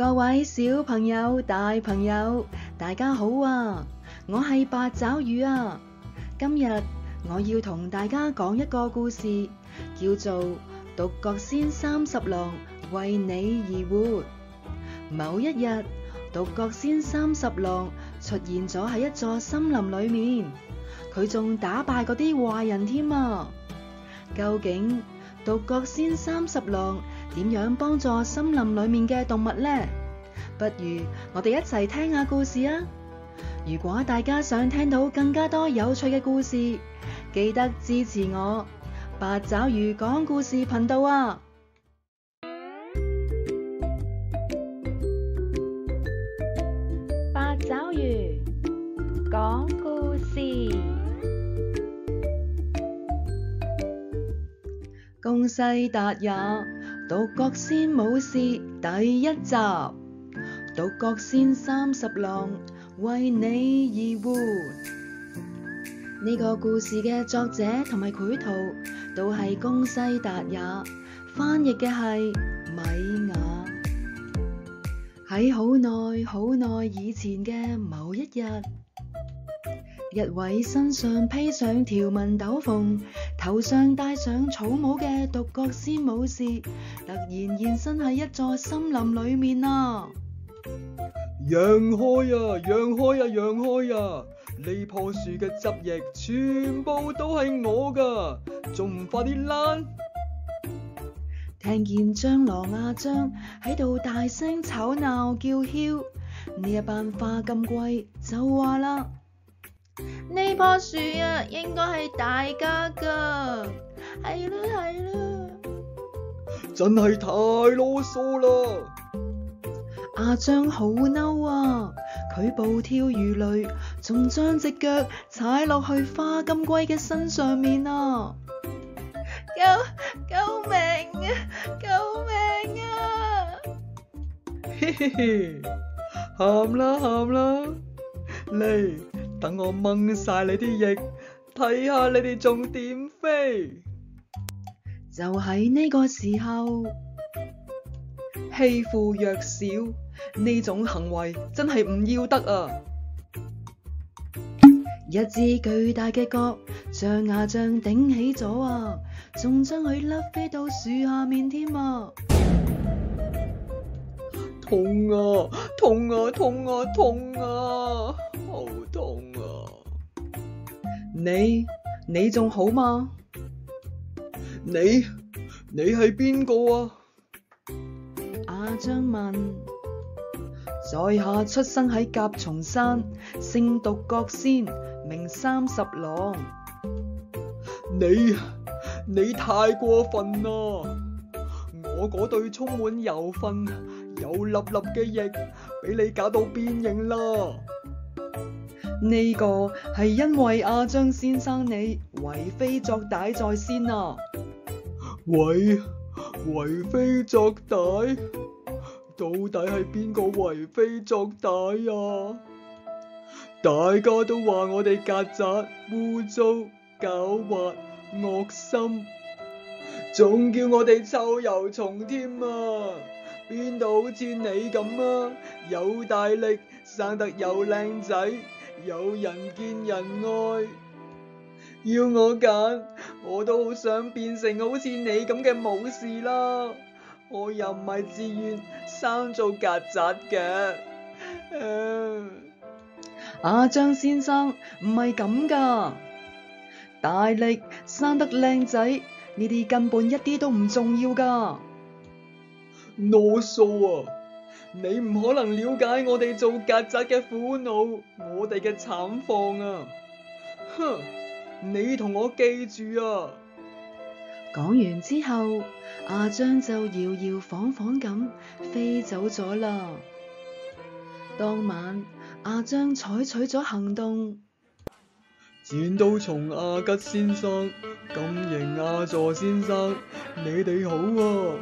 各位小朋友、大朋友，大家好啊！我係八爪魚啊！今日我要同大家講一個故事，叫做《獨角仙三十郎為你而活》。某一日，獨角仙三十郎出現咗喺一座森林裏面，佢仲打敗嗰啲壞人添啊！究竟獨角仙三十郎點樣幫助森林裡面嘅動物呢？不如我哋一齊聽下故事吖！如果大家想聽到更加多有趣嘅故事，記得支持我八爪魚講故事頻道啊！八爪魚講故事，宮西達也。《獨角仙武士第一集，《獨角仙三十郎為你而活。呢、這個故事嘅作者同埋繪圖都係宮西達也，翻譯嘅係米雅。喺好耐好耐以前嘅某一日。一位身上披上條紋斗篷，頭上戴上草帽嘅獨角仙武士，突然現身喺一座森林裏面啊。「讓開啊，讓開啊，讓開啊！呢棵樹嘅汁液全部都係我㗎，仲唔快啲躝？」聽見蟑螂阿蟑喺度大聲吵鬧叫囂，呢一班花金龜就話啦。呢棵樹啊，應該係大家噶，係咯，係咯，真係太囉嗦啦！阿蟑好嬲啊，佢暴跳如雷，仲將隻腳踩落去花金龜嘅身上面啊！救救命啊！救命啊！嘿嘿嘿，喊啦喊啦，嚟！等我掹晒你啲翼，睇下你哋仲點飛？就喺呢個時候，欺負弱小呢種行為真係唔要得啊！一支巨大嘅角，象牙、啊、象頂起咗啊，仲將佢甩飛到樹下面添啊，啊！痛啊痛啊痛啊痛啊！痛啊你你仲好嗎？你你係邊個啊？阿蟑問，在下出生喺甲松山，姓獨角仙，名三十郎。你你太過分啦！我嗰對充滿油份、有粒粒嘅翼，俾你搞到變形啦！呢個係因為阿張先生你為非作歹在先啊！喂，為非作歹，到底係邊個為非作歹啊？大家都話我哋曱甴污糟狡猾惡心，仲叫我哋臭油蟲添啊！邊度好似你咁啊？有大力，生得又靚仔。有人見人愛，要我揀，我都好想變成好似你咁嘅武士啦。我又唔係自願生做曱甴嘅。阿、呃、張、啊、先生唔係咁噶，大力生得靚仔呢啲根本一啲都唔重要噶。囉嗦啊！你唔可能了解我哋做曱甴嘅苦惱，我哋嘅慘況啊！哼，你同我記住啊！講完之後，阿蟑就搖搖晃晃咁飛走咗啦。當晚，阿蟑採取咗行動。剪刀蟲阿吉先生，金形阿座先生，你哋好啊！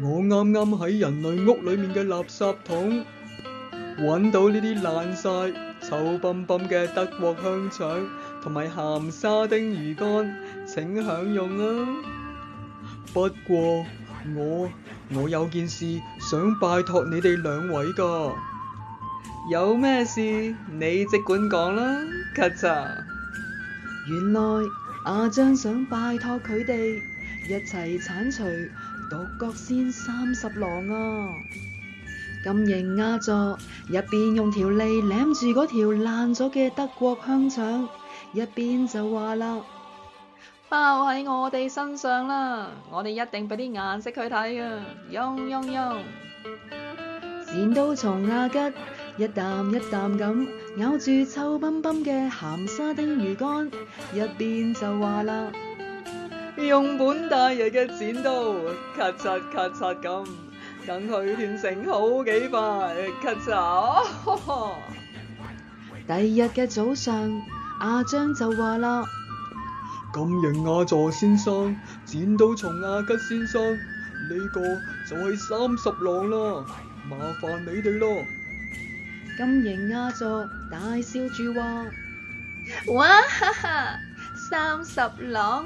我啱啱喺人類屋裏面嘅垃圾桶揾到呢啲爛晒、臭崩崩嘅德國香腸同埋鹹沙丁魚乾，請享用啊！不過我我有件事想拜託你哋兩位噶有咩事你即管講啦。咔嚓！原來阿蟑想拜託佢哋一齊鏟除。獨角仙三十郎啊！金型阿座，入邊用條脷舐住嗰條爛咗嘅德國香腸，一邊就話啦，包喺我哋身上啦，我哋一定俾啲顏色佢睇啊！用用用！剪刀蟲阿吉，一啖一啖咁咬住臭崩崩嘅鹹沙丁魚乾，一邊就話啦。用本大爺嘅剪刀，咔嚓咔嚓咁，等佢斷成好幾塊，咔嚓！ 第二日嘅早上，阿張就話啦：金型阿座先生，剪刀從阿吉先生，呢、這個就係三十郎啦，麻煩你哋咯。金型阿座大笑住話：哇哈哈，三十郎！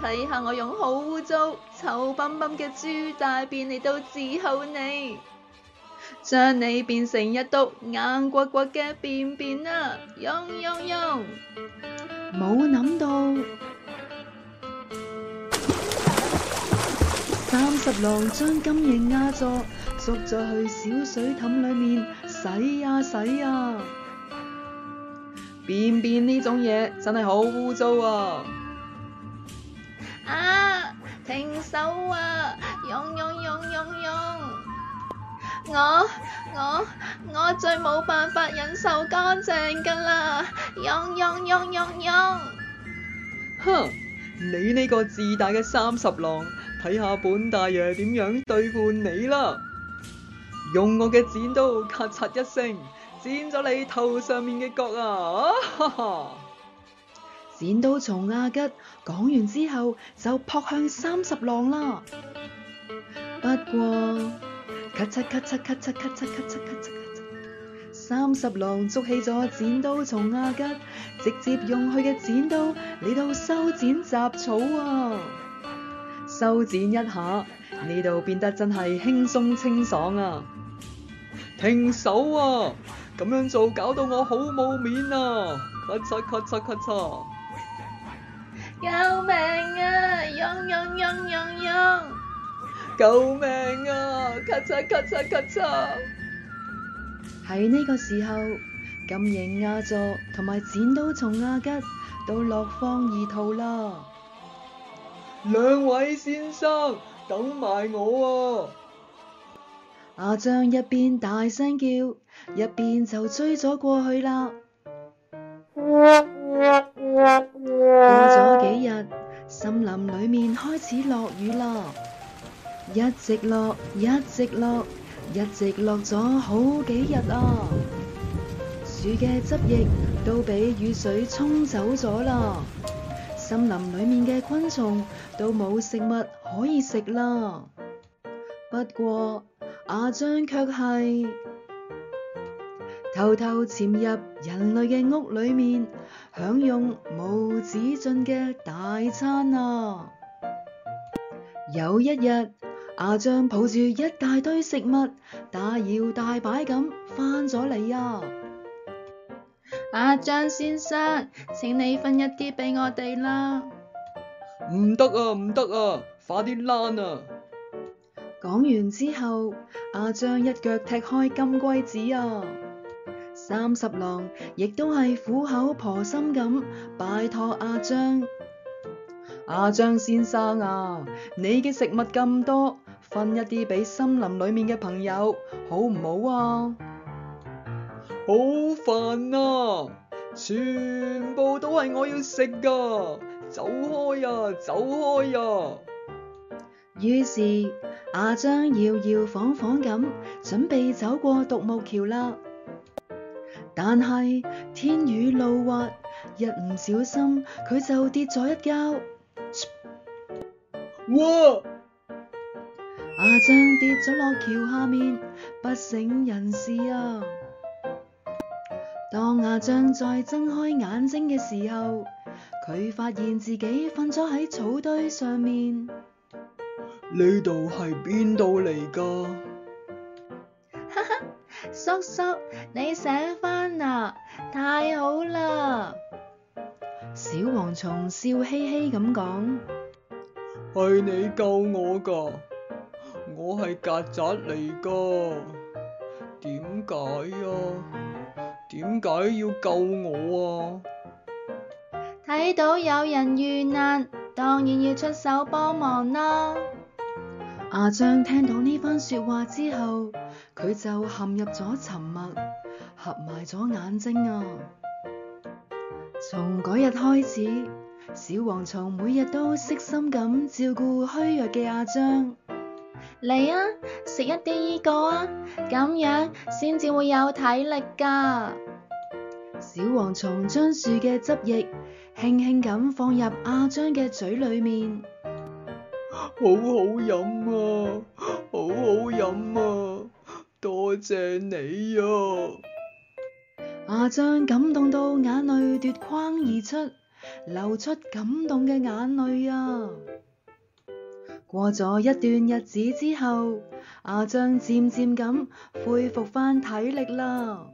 睇下我用好污糟、臭崩崩嘅豬大便嚟到治好你，將你變成一篤硬刮刮嘅便便啦！用用用，冇諗到三十郎將金型壓咗，捉咗去小水凼裏面洗呀洗呀，便便呢種嘢真係好污糟啊！啊！停手啊！用用用用用！我我我最冇辦法忍受乾淨噶啦！用用用用用！哼！你呢個自大嘅三十郎，睇下本大爺點樣對付你啦！用我嘅剪刀，咔嚓一聲，剪咗你頭上面嘅角啊！哈哈！剪刀蟲阿吉。講完之後就撲向三十郎啦。不過，咔嚓咔嚓咔嚓咔嚓咔嚓咔嚓，三十郎捉起咗剪刀從阿吉，直接用佢嘅剪刀嚟到修剪雜草啊！修剪一下，呢度變得真係輕鬆清爽啊！停手啊！咁樣做搞到我好冇面啊！咔嚓咔嚓咔嚓。救命啊！湧湧湧湧湧！救命啊！咔嚓咔嚓咔嚓！喺呢 個時候，金影亞座同埋剪刀蟲阿吉都落荒而逃啦！兩位先生，等埋我啊！阿蟑一邊大聲叫，一邊就追咗過去啦。 過咗幾日，森林裏面開始落雨啦，一直落，一直落，一直落咗好幾日啊！樹嘅汁液都俾雨水沖走咗啦，森林裏面嘅昆蟲都冇食物可以食啦。不過阿蟑卻係偷偷潛入人類嘅屋裏面。享用無止盡嘅大餐啊！有一日，阿、啊、蟑，抱住一大堆食物，大搖大擺咁返咗嚟啊！阿蟑先生，請你分一啲俾我哋啦！唔得啊，唔得啊，快啲攋啊！講完之後，阿、啊、蟑，一腳踢開金龜子啊！三十郎亦都係苦口婆心咁，拜託阿蟑。阿蟑先生啊，你嘅食物咁多，分一啲俾森林裏面嘅朋友，好唔好啊？好煩啊！全部都係我要食㗎，走開呀，走開呀！於是阿蟑搖搖晃晃咁，準備走過獨木橋啦。但係天雨路滑，一唔小心佢就跌咗一跤。哇！阿蟑跌咗落橋下面，不省人事啊！當阿蟑再睜開眼睛嘅時候，佢發現自己瞓咗喺草堆上面。呢度係邊度嚟噶？叔叔，你醒返啦！太好啦！小黃蟲笑嘻嘻咁講，係你救我噶，我係曱甴嚟噶，點解啊？點解要救我啊？睇到有人遇難，當然要出手幫忙啦！阿張聽到呢番說話之後，佢就陷入咗沉默，合埋咗眼睛啊！從嗰日開始，小黃蟲每日都悉心咁照顧虛弱嘅阿張。嚟啊，食一啲呢個啊，咁樣先至會有體力噶。小黃蟲將樹嘅汁液輕輕咁放入阿張嘅嘴裏面。好好飲啊，好好飲啊，多謝你啊！阿蟑、啊、感動到眼淚奪眶而出，流出感動嘅眼淚啊！過咗一段日子之後，阿蟑漸漸咁恢復翻體力啦。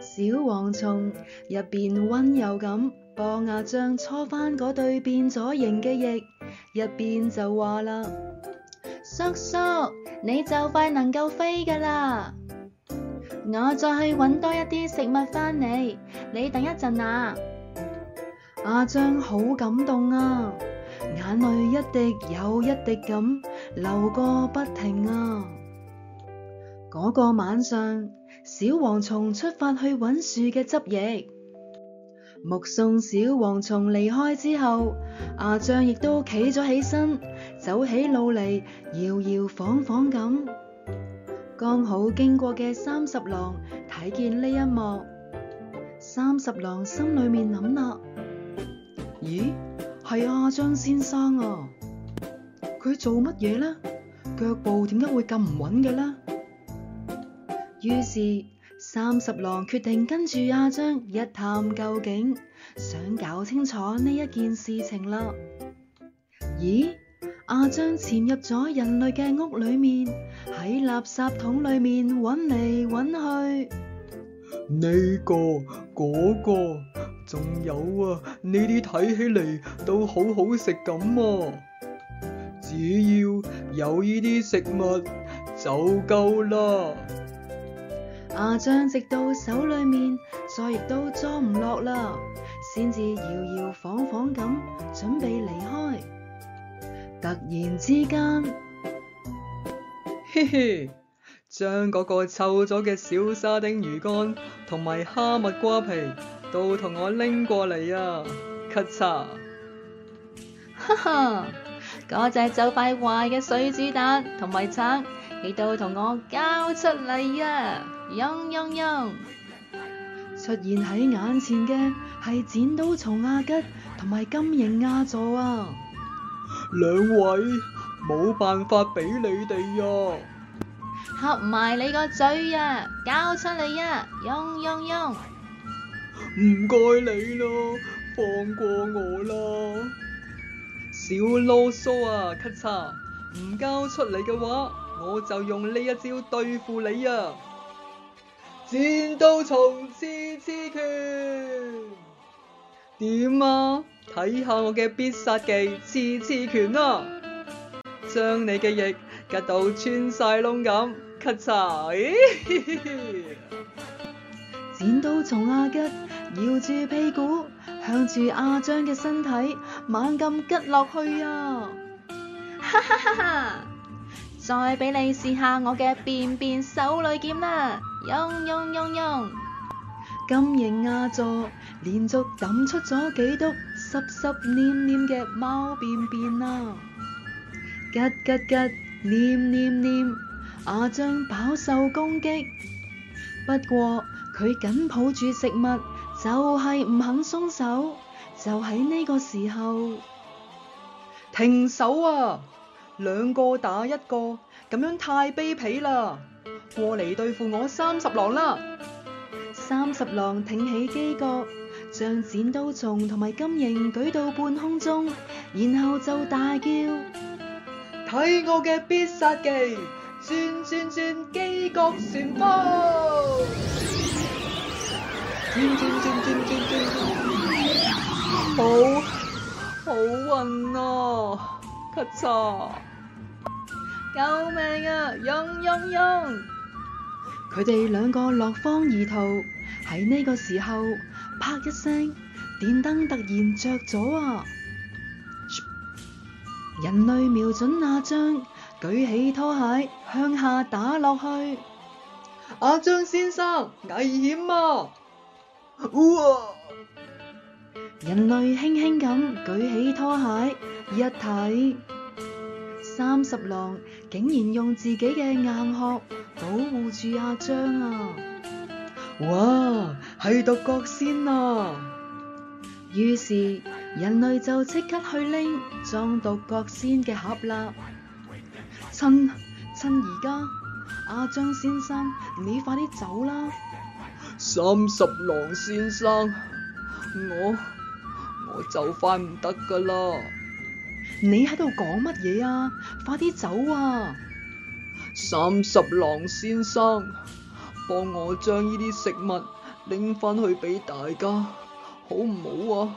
小蝗蟲入邊溫柔咁幫阿蟑搓翻嗰對變咗形嘅翼。一邊就話啦，叔叔，你就快能夠飛噶啦！我再去搵多一啲食物翻嚟，你等一陣啊！阿蟑好感動啊，眼淚一滴又一滴咁流個不停啊！嗰個晚上，小黃蟲出發去搵樹嘅汁液。目送小蝗蟲離開之後，阿蟑亦都企咗起身，走起路嚟搖搖晃晃咁。剛好經過嘅三十郎睇見呢一幕，三十郎心裏面諗啦：「咦，係阿蟑先生啊，佢做乜嘢呢？腳步點解會咁唔穩嘅呢？」於是。三十郎決定跟住阿蟑一探究竟，想搞清楚呢一件事情啦。咦？阿蟑潛入咗人類嘅屋裏面，喺垃圾桶裏面揾嚟揾去，呢個、嗰個，仲有啊，呢啲睇起嚟都好好食咁啊！只要有呢啲食物就夠啦。麻將、啊、直到手裏面，再亦都裝唔落啦，先至搖搖晃晃咁準備離開。突然之間，嘻嘻，將嗰個臭咗嘅小沙丁魚乾同埋哈密瓜皮都同我拎過嚟啊！咔嚓，哈哈，嗰隻就快壞嘅水煮蛋同埋橙，你都同我交出嚟啊！應應應，用用出現喺眼前嘅係剪刀蟲阿吉同埋金型亞座啊！兩位冇辦法俾你哋啊！合埋你個嘴啊！交出嚟啊！應應應，唔該你咯，放過我啦！小囉嗦啊！咔嚓！唔交出嚟嘅話，我就用呢一招對付你啊！剪刀蟲刺刺拳，點啊？睇下我嘅必殺技刺刺拳啊！將你嘅翼夾到穿晒窿咁，咔嚓！剪刀蟲阿、啊、吉搖住屁股，向住阿張嘅身體猛咁拮落去啊！哈哈哈哈！再俾你試下我嘅便便手裏劍啦！用用用用！金型亞座連續抌出咗幾督濕濕黏黏嘅貓便便啦！吉吉吉！念念念！阿蟑飽受攻擊，不過佢緊抱住食物就係唔肯鬆手。就喺呢個時候，停手啊！兩個打一個，咁樣太卑鄙啦！過嚟對付我三十郎啦！三十郎挺起犄角，將剪刀蟲同埋金蠅舉到半空中，然後就大叫：睇我嘅必殺技，轉轉轉犄角旋風！轉轉轉轉轉，好好暈啊！咔嚓！救命啊！用用用！佢哋兩個落荒而逃。喺呢個時候，啪一聲，電燈突然着咗啊！人類瞄準阿蟑，舉起拖鞋向下打落去。阿蟑先生，危險啊！哇！人類輕輕咁舉起拖鞋，一睇。三十郎竟然用自己嘅硬殼保護住阿張啊！哇，係獨角仙啊！於是人類就即刻去拎裝獨角仙嘅盒啦。趁趁而家，阿張先生，你快啲走啦！三十郎先生，我我就快唔得噶啦！你喺度講乜嘢啊？快啲走啊！三十郎先生，幫我將呢啲食物拎翻去俾大家，好唔好啊？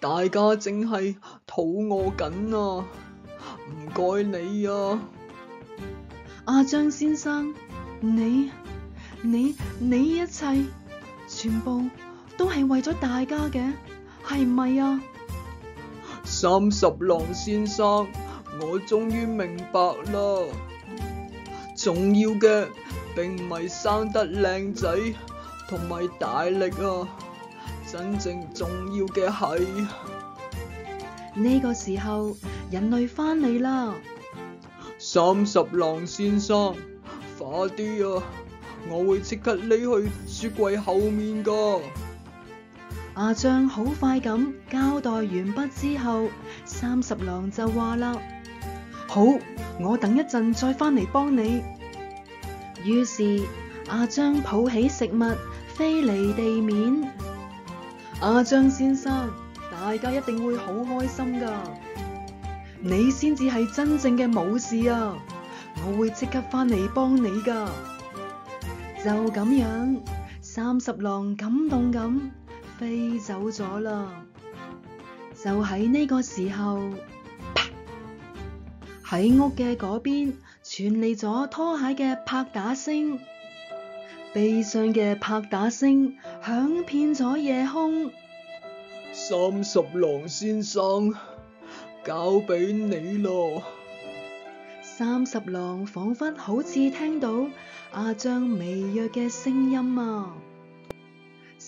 大家正係肚餓緊啊！唔該你啊，阿張，啊，先生，你你你一切全部都係為咗大家嘅，係唔係啊？三十郎先生，我終於明白啦，重要嘅並唔係生得靚仔同埋大力啊，真正重要嘅係呢個時候人類翻嚟啦。三十郎先生，快啲啊，我會即刻匿去書櫃後面噶。阿蟑好快咁交代完畢之後，三十郎就話啦：好，我等一陣再翻嚟幫你。於是阿蟑抱起食物飛離地面。阿蟑先生，大家一定會好開心噶，你先至係真正嘅武士啊！我會即刻翻嚟幫你噶。就咁樣，三十郎感動咁。飛走咗啦！就喺呢個時候，啪！喺屋嘅嗰邊傳嚟咗拖鞋嘅拍打聲，悲傷嘅拍打聲響遍咗夜空。三十郎先生，交俾你咯。三十郎仿佛好似聽到阿蟑、啊、微弱嘅聲音啊！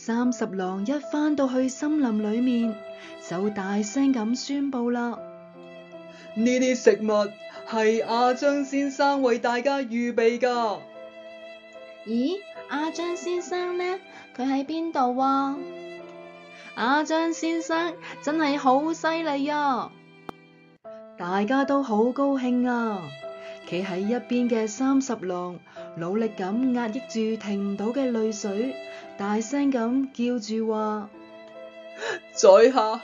三十郎一返到去森林裏面，就大聲咁宣布啦：呢啲食物係阿張先生為大家預備噶。咦？阿張先生呢？佢喺邊度啊？阿張先生真係好犀利啊！大家都好高興啊！企喺一邊嘅三十郎，努力咁壓抑住停唔到嘅淚水。大聲咁叫住話：在下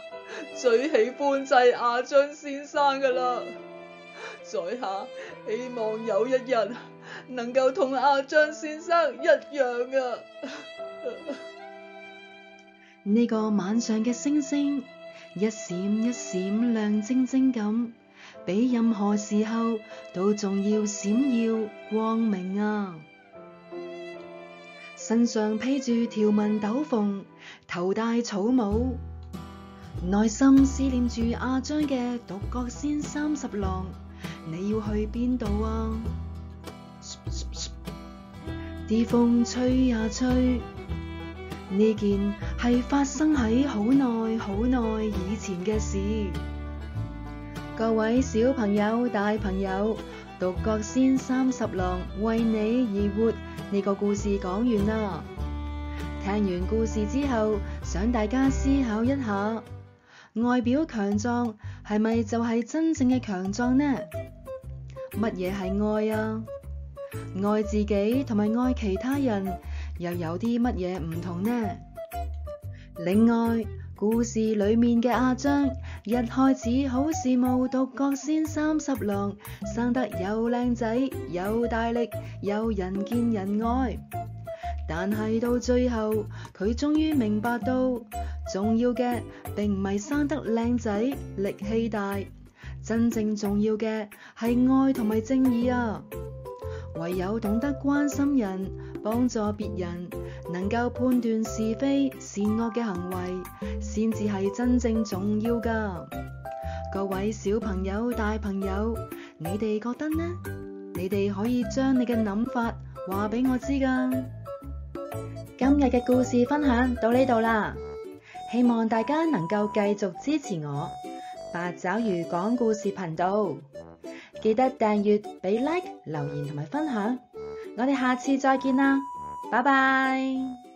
最喜歡就係阿蟑先生噶啦，在下希望有一日能夠同阿蟑先生一樣啊！呢 個晚上嘅星星一閃一閃亮晶晶咁，比任何時候都仲要閃耀光明啊！身上披住條紋斗篷，頭戴草帽，內心思念住阿蟑嘅獨角仙三十郎。你要去邊度啊？啲風吹呀、啊、吹，呢件係發生喺好耐好耐以前嘅事。各位小朋友、大朋友，獨角仙三十郎為你而活。呢個故事講完啦，聽完故事之後，想大家思考一下：外表強壯係咪就係真正嘅強壯呢？乜嘢係愛啊？愛自己同埋愛其他人又有啲乜嘢唔同呢？另外，故事裏面嘅阿蟑。一開始好羨慕獨角仙三十郎，生得又靚仔又大力又人見人愛，但係到最後佢終於明白到，重要嘅並唔係生得靚仔，力氣大，真正重要嘅係愛同埋正義啊！唯有懂得關心人、幫助別人，能夠判斷是非善惡嘅行為，先至係真正重要㗎。各位小朋友、大朋友，你哋覺得呢？你哋可以將你嘅諗法話俾我知㗎。今日嘅故事分享到呢度啦，希望大家能夠繼續支持我。八爪魚講故事頻道，記得訂閱、俾 like、留言同埋分享，我哋下次再見啦，拜拜。